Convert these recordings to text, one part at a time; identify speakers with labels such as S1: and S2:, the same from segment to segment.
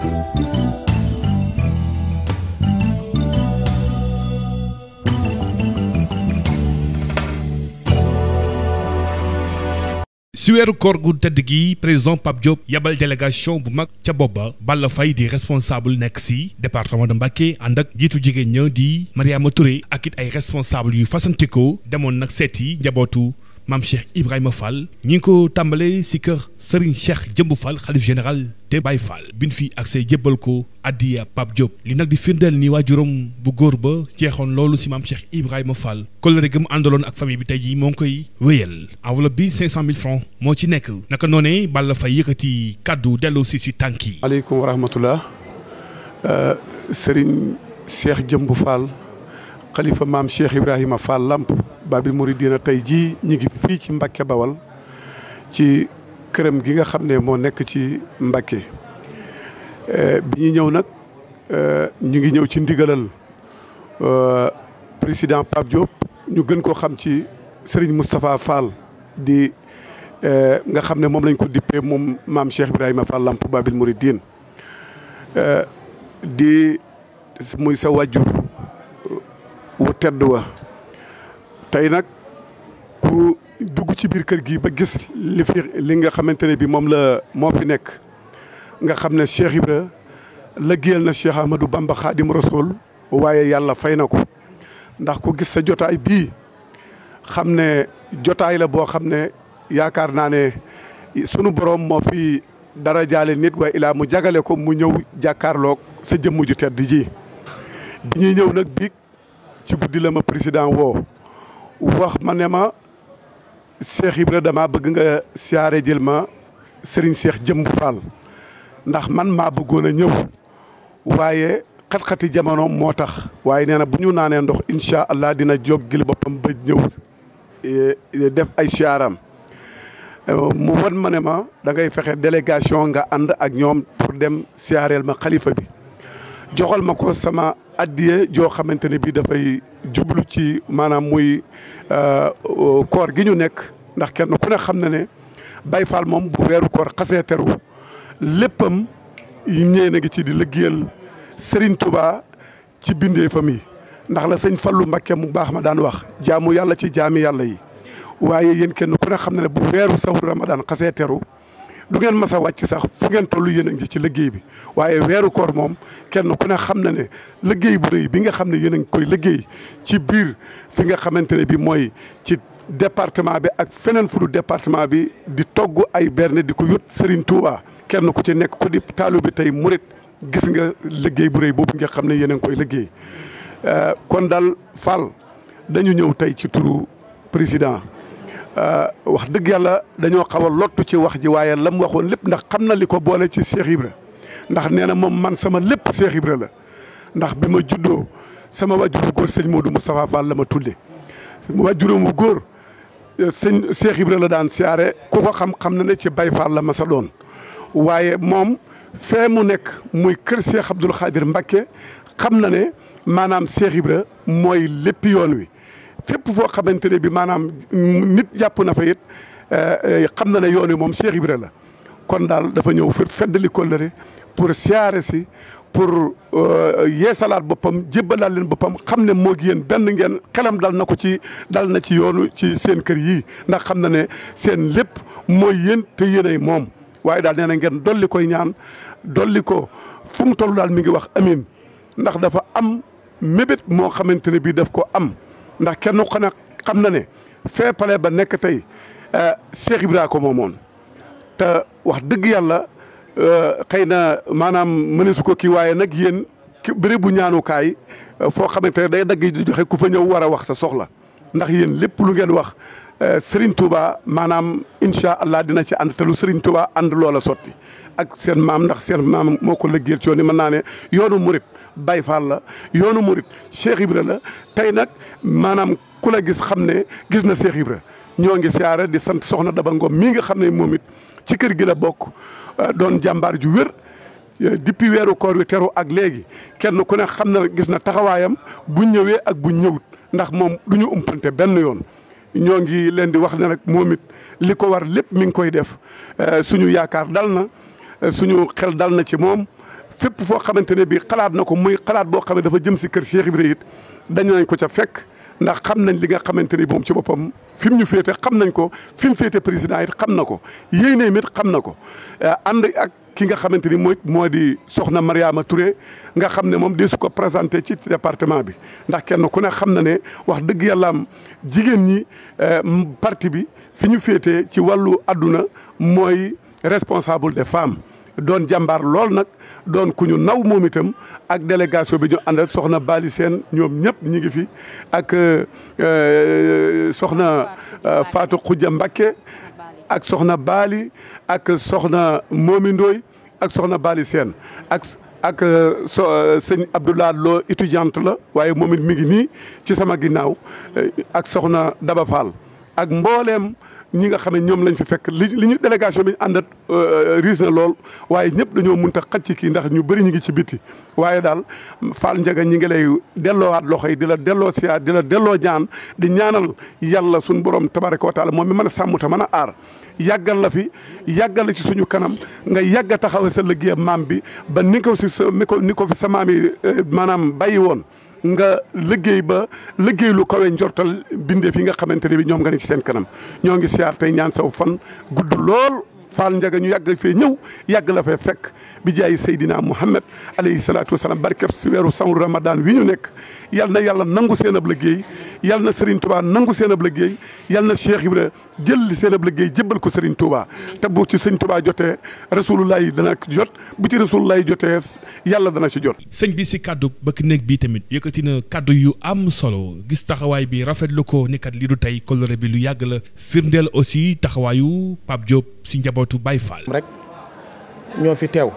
S1: ci weeru koor gu tedd gi président Pape Diop yabal délégation bu mag ca booba Balla Faye di responsable nekk ci département de Mbacké ànd ak jiitu jigéen ña di Mariama Touré ak ay responsable yu fasantikoo demoon nag seeti njabootu maam Cheikh Ibrahima Fall ñi ngi ko tàmbalee si kër Serigne Cheikh Jëmb Fall xalif général te Baye Fall bin fi ak say jébbal ko addiya Pape Diop li nag di firndeel ni waajuram bu góor ba jeexoon loolu si maam Cheikh Ibrahima Fall kóllëre gi àndaloon ak famille bi tey jii moo ngi koy wéyal enveloppe bi 500000 francs moo ci nekk naka noonee Balla Faye yëkkati kàddu delloo si tànk yi.
S2: aleykum wa rahmatullah euh, Serigne Cheikh Jëmb Fall xalifa maam Cheikh Babi Mouridina tey jii ñu ngi fii ci Mbacke Bawal ci këram gi nga xam ne moo nekk ci Mbacke eh, bi ñu ñëw nag eh, ñu ngi ñëw ci ndigalal eh, président Pape Diop ñu gën koo xam ci sëriñ Moustapha Fall di nga xam ne moom lañ ko dippee moom maam Cheikh Ibrahima Fall Lamp Babil Mouridine di muy sa wàjjur wu tedd wa tey nag ku dugg ci biir kër gi ba gis li fi li nga xamante ne bi moom la moo fi nekk nga xam ne Cheikh Ibra lëggéeyal na Cheikh Ahmadou Bamba Xaadim Rasoul waaye yàlla fay na ko ndax ku gis sa jotaay bii xam ne jotaay la boo xam ne yaakaar naa ne sunu borom moo fi dara jaale nit waaye ilaa mu jagale ko mu ñëw jàkkaarlook sa jëmm ju tedd ji bi ñuy ñëw nag biig ci guddi la ma président woo wax ma ne ma Cheikh Ibra dama bëgg nga siyaare jël ma Serigne Cheikh Jëmb Fall ndax man maa bëggoon a ñëw waaye xat-xati jamono moo tax waaye nee na bu ñu naanee ndox incha allah dina joggil boppam ba ñëw eh, def ay siyaaram mu wan ma ne ma da ngay fexe délégation nga ànd ak ñoom pour dem siyaareel ma xalifa bi joxal ma ko sama addiye joo xamante ne bii dafay jublu ci maanaam muy euh, euh, koor gi ñu nekk ndax kenn ku ne xam na ne Baay Faal moom bu weeru koor xasee teru léppam ñee na ngi ci di liggéeyal Serigne tubaa ci bindeefam fami ndax la sëñ falu mbake mu baax ma daan wax jaamu yàlla ci jaami yàlla yi waaye yéen kenn ku ne xam na ne bu weeru sahur Ramadan xasee teru du ngeen mas a wàcc sax fu ngeen toll yéen a ngi ci liggéey bi waaye weeru koor moom kenn ku ne xam ne ne liggéey bu rëy bi nga xam ne yéen a ngi koy liggéey ci biir fi nga xamante ne bi mooy ci département bi ak feneen fu du département bi di togg ay berne di ko yót Serigne Touba kenn ku ci nekk ku di taalu bi tey murit gis nga liggéey bu rëy boobu nga xam ne yéen a koy liggéey euh, kon dal Fall dañu ñëw tey ci turu président Euh, wax dëgg yàlla dañoo xaw a lottu ci wax ji waaye la mu waxoon lépp ndax xam na li ko boole ci Cheikh Ibra ndax nee na moom man sama lépp Cheikh Ibra la ndax bi ma juddoo sama wàjjur bu góor sëñ Modou Moustapha Fall la ma tuddee wàjjuram bu góor euh, sëñ Cheikh Ibra la daan siyaare ku ko xam-xam na ne ci bay Fall la ma sa doon waaye moom fee mu nekk muy kër Cheikh Abdoul Khadir Mbacké xam na ne maanaam Cheikh Ibra mooy lépp yoon wi fépp foo xamante ne bii maanaam nit jàpp na fa it euh, xam na ne yoon wi moom Cheikh Ibra la kon daal dafa ñëw fë feddali kóllëre pour siyaare si pour euh, yeesalaat boppam jébbalaat leen boppam xam ne moo gi yéen benn ngeen xelam dal na ko ci dal na ci yoonu ci seen kër yi ndax xam na ne seen lépp mooy yéen te yéenay moom waaye daal nee na ngeen dolli koy ñaan dolli ko fu mu toll daal mi ngi wax amiin ndax dafa am mébét moo xamante ne bii daf ko am ndax kenn ku xana xam na ne fee pale ba nekk tey euh, Cheikh Ibra ko moomoon te wax dëgg yàlla euh, xëy na maanaam mëneesu ko kii waaye nag yéen ki bérébu ñaanukaay euh, foo xamante ne day dagg di joxe ku fa ñëw war a wax sa soxla ndax yéen lépp lu ngeen wax Serigne Touba maanaam incha allah dina ci ànd te lu Serigne Touba loola sotti ak seen maam ndax seen maam moo ko lëggeel ci yoon yi mën naa ne yoonu murit Baye Fall la yoonu murit Cheikh Ibra la tey nag maanaam ku la gis xam ne gis na Cheikh Ibra ñoo ngi siyaare di sant soxna Daba Ngom mii nga xam ne moom ci kër gi la bokk euh, doon jàmbaar ju wér euh, depuis weeru koor wi teru ak léegi kenn ku ne xam na gis na taxawaayam bu ñëwee ak bu ñëwut ndax moom du ñu umpante benn yoon ñoo ngi leen di wax ne rek moom li ko war lépp mi ngi koy def euh, suñu yaakaar dal na suñu xel dal na ci moom fépp foo xamante ne bii xalaat na ko muy xalaat boo xam ne dafa jëm si kër Cheikh Ibrahima it dañ nañ ko ca fekk ndax xam nañ li nga xamante ni moom ci boppam fi mu ñu féete xam nañ ko fi mu féete président it xam na ko yéeneem mit xam na ko eh, ànd ak ki nga xamante ni mooy moo di soxna Mariama ture nga xam ne moom deesu ko présenté ci département bi ndax kenn ku ne xam na ne wax dëgg yàllaam jigéen ñi eh, parti bi fi ñu féete ci wàllu àdduna mooy responsable des femmes doon jàmbaar lool nag doon ku ñu naw moom itam ak délégation bi ñu àndal soxna baali seen ñoom ñëpp ñi ngi fi ak euh, euh, soxna euh, Fatou Khoudia Mbacké ak soxna baali ak soxna moomindooy ak soxna baali seen ak ak so sëñ Abdoulaye Lo étudiante la waaye moom it mi ngi nii ci sama ginnaaw ak soxna Daba Fall ak mbooleem ñi nga xam ne ñoom lañ fi fekk li li ñu délégation bi àndat euh, euh, riis na lool waaye ñëpp dañoo mënta xaj ci kii ndax ñu bari ñu ngi ci biti waaye daal Fall Ndiaga ñi ngi lay delloowaat loxo yi di la delloo siyaar di la delloo jaan di ñaanal yàlla suñu borom tabaraka wa moom mi mën a sàmm te mën a aar yàggal la fi yàggal la ci suñu kanam nga yàgg a taxaw sa liggéey maam bi ba ni ko si sa ni ko ni ko fi sa maam yi euh, maanaam bàyyi woon nga liggéey ba liggéey lu kawe njortal bindeef yi nga xamante ne bi ñoom nga ne ci seen kanam ñoo ngi siyaar tey ñaan saw fan gudd lool Fall Ndiaga ñu yàgg fee ñëw yàgg la fee fekk bi jaay Seydina Mouhamed alayhi salaatu wa salaam barkeb si weeru sanru Ramadan wi ñu nekk yal na yàlla nangu seen ab liggéey yal na Serigne Touba nangu seen ab liggéey yal na Cheikh Ibra jël li seen ab liggéey jébbal ko Serigne Touba. te bu ci sëñ Touba jotee rasulullah yi dana jot bu ci rasulullah
S1: yi jotee yàlla dana ci jot. sëñ bi si kàddu bëkk néeg bi tamit yëkkati na kaddu yu am solo gis taxawaay bi rafetlu ko ni kat li tey kóllëre bi lu yàgg la firndeel aussi taxawaayu Pape Diop si njaboot njabootu Baye Fall. rek
S3: ñoo fi teew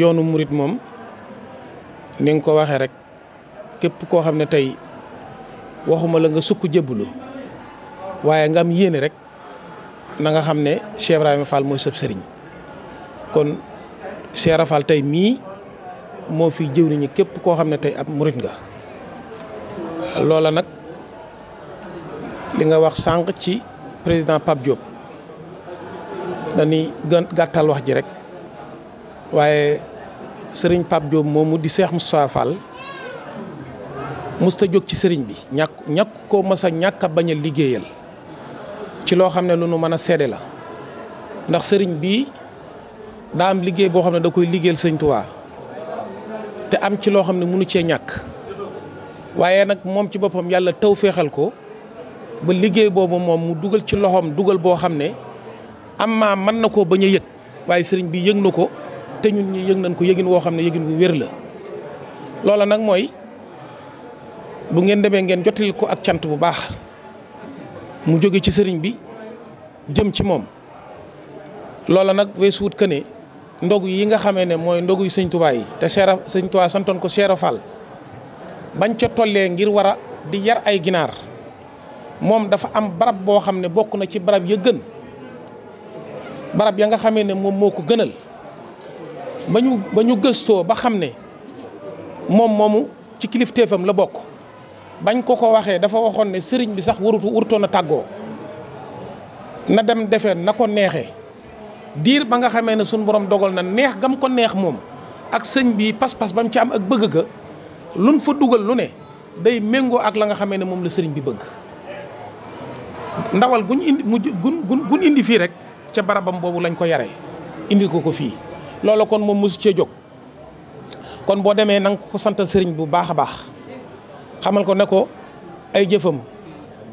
S3: yoonu murit moom ni nga ko waxee rek képp koo xam ne tey waxuma la nga sukk jébbalu waaye nga am yéene rek na nga xam ne Cheikh Ibrahima mooy sëb sëriñ kon Cheikh Ibra tey mii moo fi jëwriñu képp koo xam ne tey ab murit nga loola nag li nga wax sànq ci président Pape Diop dañuy gën gàttal wax ji rek waaye sëriñ Pape Diop moomu di Cheikh Moustapha Fall musta jóg ci sëriñ bi ñàkk ñàkk koo mës a ñàkk a bañ a liggéeyal ci loo xam ne lu nu mën a seede la ndax sëriñ bi daa am liggéey boo xam ne da koy liggéeyal sëñ te am ci loo xam ne mënu cee ñàkk waaye nag moom ci boppam yàlla taw féexal ko ba liggéey boobu moom mu dugal ci loxoom dugal boo xam ne amaa mën na koo bañ a yëg waaye sëriñ bi yëg na ko te ñun ñi yëg nañ ko yëgin woo xam ne yëgin wu wér la loola nag mooy bu ngeen demee ngeen jottali ko ak cant bu baax mu jóge ci sëriñ bi jëm ci moom loola nag weesuwut que ne ndog yi nga xamee ne mooy ndog sëñ sëñtuwaay yi te seera sëñ Tuubaa ko seera Fall bañ ca tollee ngir war a di yar ay ginaar moom dafa am barab boo xam ne bokk na ci barab ya gën barab ya nga xamee ne moom moo ko gënal ba ñu ba ñu gëstoo ba xam ne moom moomu ci kilifteefam la bokk bañ ko ko waxee dafa waxoon ne sëriñ bi sax warutu warutoon a tàggoo na dem defe na ko neexee diir ba nga xamee ne suñ borom dogal na neex gam ko neex moom ak sëñ bi pas-pas ba mu ci am ak bëgg ga luñ fa dugal lu ne day méngoo ak la nga xamee ne moom la sëriñ bi bëgg ndawal guñ indi mu guñ indi fii rek ca barabam boobu lañ ko yare indil ko ko fii loola kon moom mosu cee jóg kon boo demee na ko santal sëriñ bu baax a baax xamal ko ne ko ay jëfam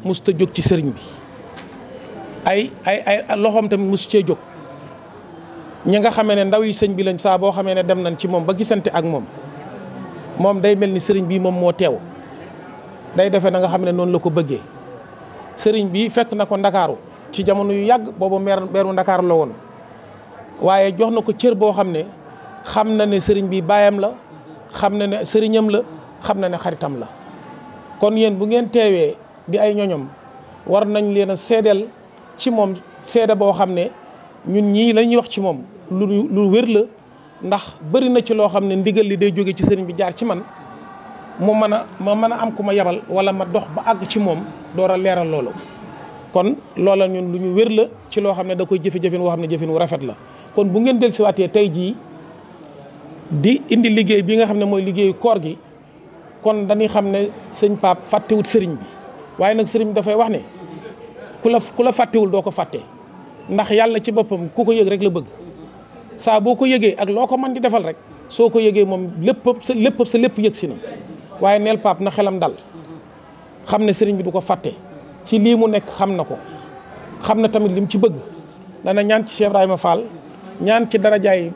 S3: mosut a jóg ci sëriñ bi ay ay ay loxoom tamit mosu cee jóg ñi nga xamee ne ndaw yi sëñ bi lañ saa boo xamee ne dem nañ ci moom ba gisante ak moom moom day mel ni sëriñ bi moom moo teew day defee na nga xam ne noonu la ko bëggee sëriñ bi fekk na ko ndakaaru ci jamono yu yàgg boobu meer meeru Ndakaar la woon waaye jox na ko cër boo xam ne xam na ne sëriñ bi baayam la xam na ne sëriñam la xam na ne xaritam la kon yéen bu ngeen teewee di ay ñoñom war nañ leen a seedeel ci moom seede boo xam ne ñun ñii la ñuy wax ci moom lu lu wér la ndax bari na ci loo xam ne ndigal li day jóge ci sëriñ bi jaar ci man mu mën a ma mën a am ku ma yabal wala ma dox ba àgg ci moom door a leeral loolu kon loola ñun lu ñu wér la ci loo xam ne da koy jëfe-jëfin woo xam ne jëfin wu rafet la kon bu ngeen dellusiwaatee tey jii di indi liggéey bi nga xam ne mooy liggéeyu koor gi kon dañuy xam ne sëñ Pape fàttewut sëriñ bi waaye nag sëriñ dafay wax ne ku la la fàttewul doo ko fàtte ndax yàlla ci boppam ku ko yëg rek la bëgg saa boo ko yëgee ak loo ko mën di defal rek soo ko yëgee moom lépp sa lépp sa lépp yëg si na waaye neel Pape dal xam ne sëriñ bi du ko fàtte ci lii mu nekk xam na ko xam na tamit lim ci bëgg dana ñaan ci Cheikh ma Fall ñaan ci darajaay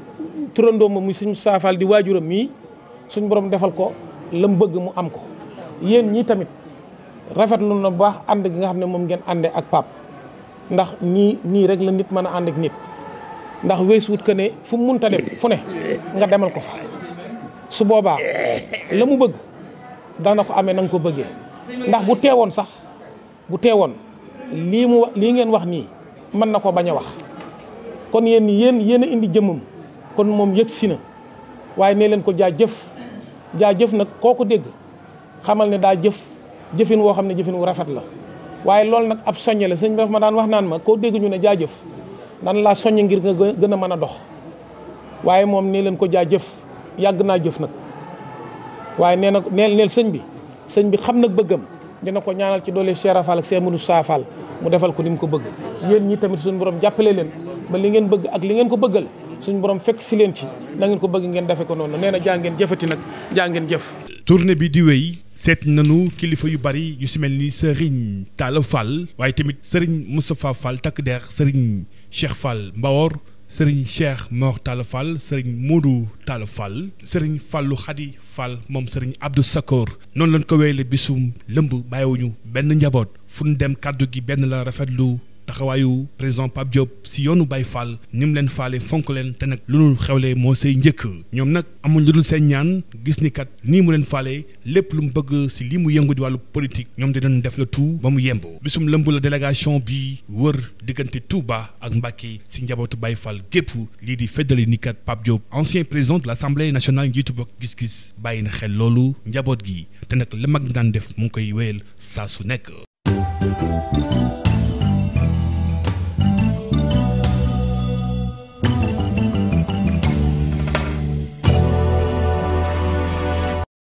S3: turandoom ma muy suñu saafaal di waajuram mii suñ borom defal ko la mu bëgg mu am ko yéen ñii tamit rafetlu na bu baax ànd gi nga xam ne moom ngeen àndee ak pap ndax ñii nii rek la nit mën a ànd ak nit ndax weesu wut que ne fu mu munta dem fu ne nga demal ko fa su boobaa la mu bëgg dana ko amee na ko bëggee ndax bu teewoon sax bu teewoon lii mu lii ngeen wax nii mën na ko bañ a wax kon yéen yéen yéen indi jëmmam kon moom yëg si na waaye nee leen ko jaa jëf jaa jëf nag koo ko dégg xamal ne daa jëf jëfin woo xam ne jëfin wu rafet la waaye loolu nag ab soññe la sëñ bi daf ma daan wax naan ma koo dégg ñu ne jaa jëf nan laa soññe ngir nga gën a mën a dox waaye moom nee leen ko jaa jëf yàgg naa jëf nag waaye nee na neel neel sëñ bi sëñ bi xam nag bëggam dina ko ñaanal ci doole Cheikh Rafal ak Cheikh Moussa Fall mu defal ko ni mu ko bëgg yéen ñi tamit suñu borom jàppale leen ba li ngeen bëgg ak li ngeen ko bëggal suñu borom fekk si leen ci na ko bëgg ngeen defe ko noonu nee na jaa ngeen jëfati nag jaa ngeen jëf.
S1: tournée bi di wéy seet nanu kilifa yu bari yu si mel ni Serigne Talla Fall waaye tamit Serigne Moustapha Fall takk der Serigne Cheikh Fall Mbawor. sëriñ Cheikh Mor Talla Fall sëriñ Modou Talla Fall sëriñ Fallou Khady Fall moom sëriñ Abdou Sakor noonu lañ ko wéyle bisum lëmb bàyyiwuñu benn njaboot fu ñu dem kàddu gi benn la rafet lu taxawaayu président Pape Diop si yoonu Baye fal ni leen fale fonk leen te nag lu nu xewlee moo say njëkk ñoom nag amuñ lu dul seen ñaan gis ni kat nii mu leen fale lépp lu mu bëgg si lii mu yëngu di wàllu politique ñoom di doon def la tout ba mu yemboo bisum lëmb la délégation bi wër diggante Touba ak Mbacké si njabootu Baye Fall gépp lii di feddali ni kat Pape Diop ancien président de l'Assemblée nationale njiitu bokk gis-gis bàyyi na xel loolu njaboot gi te nag la daan def mu koy wéyal saa su nekk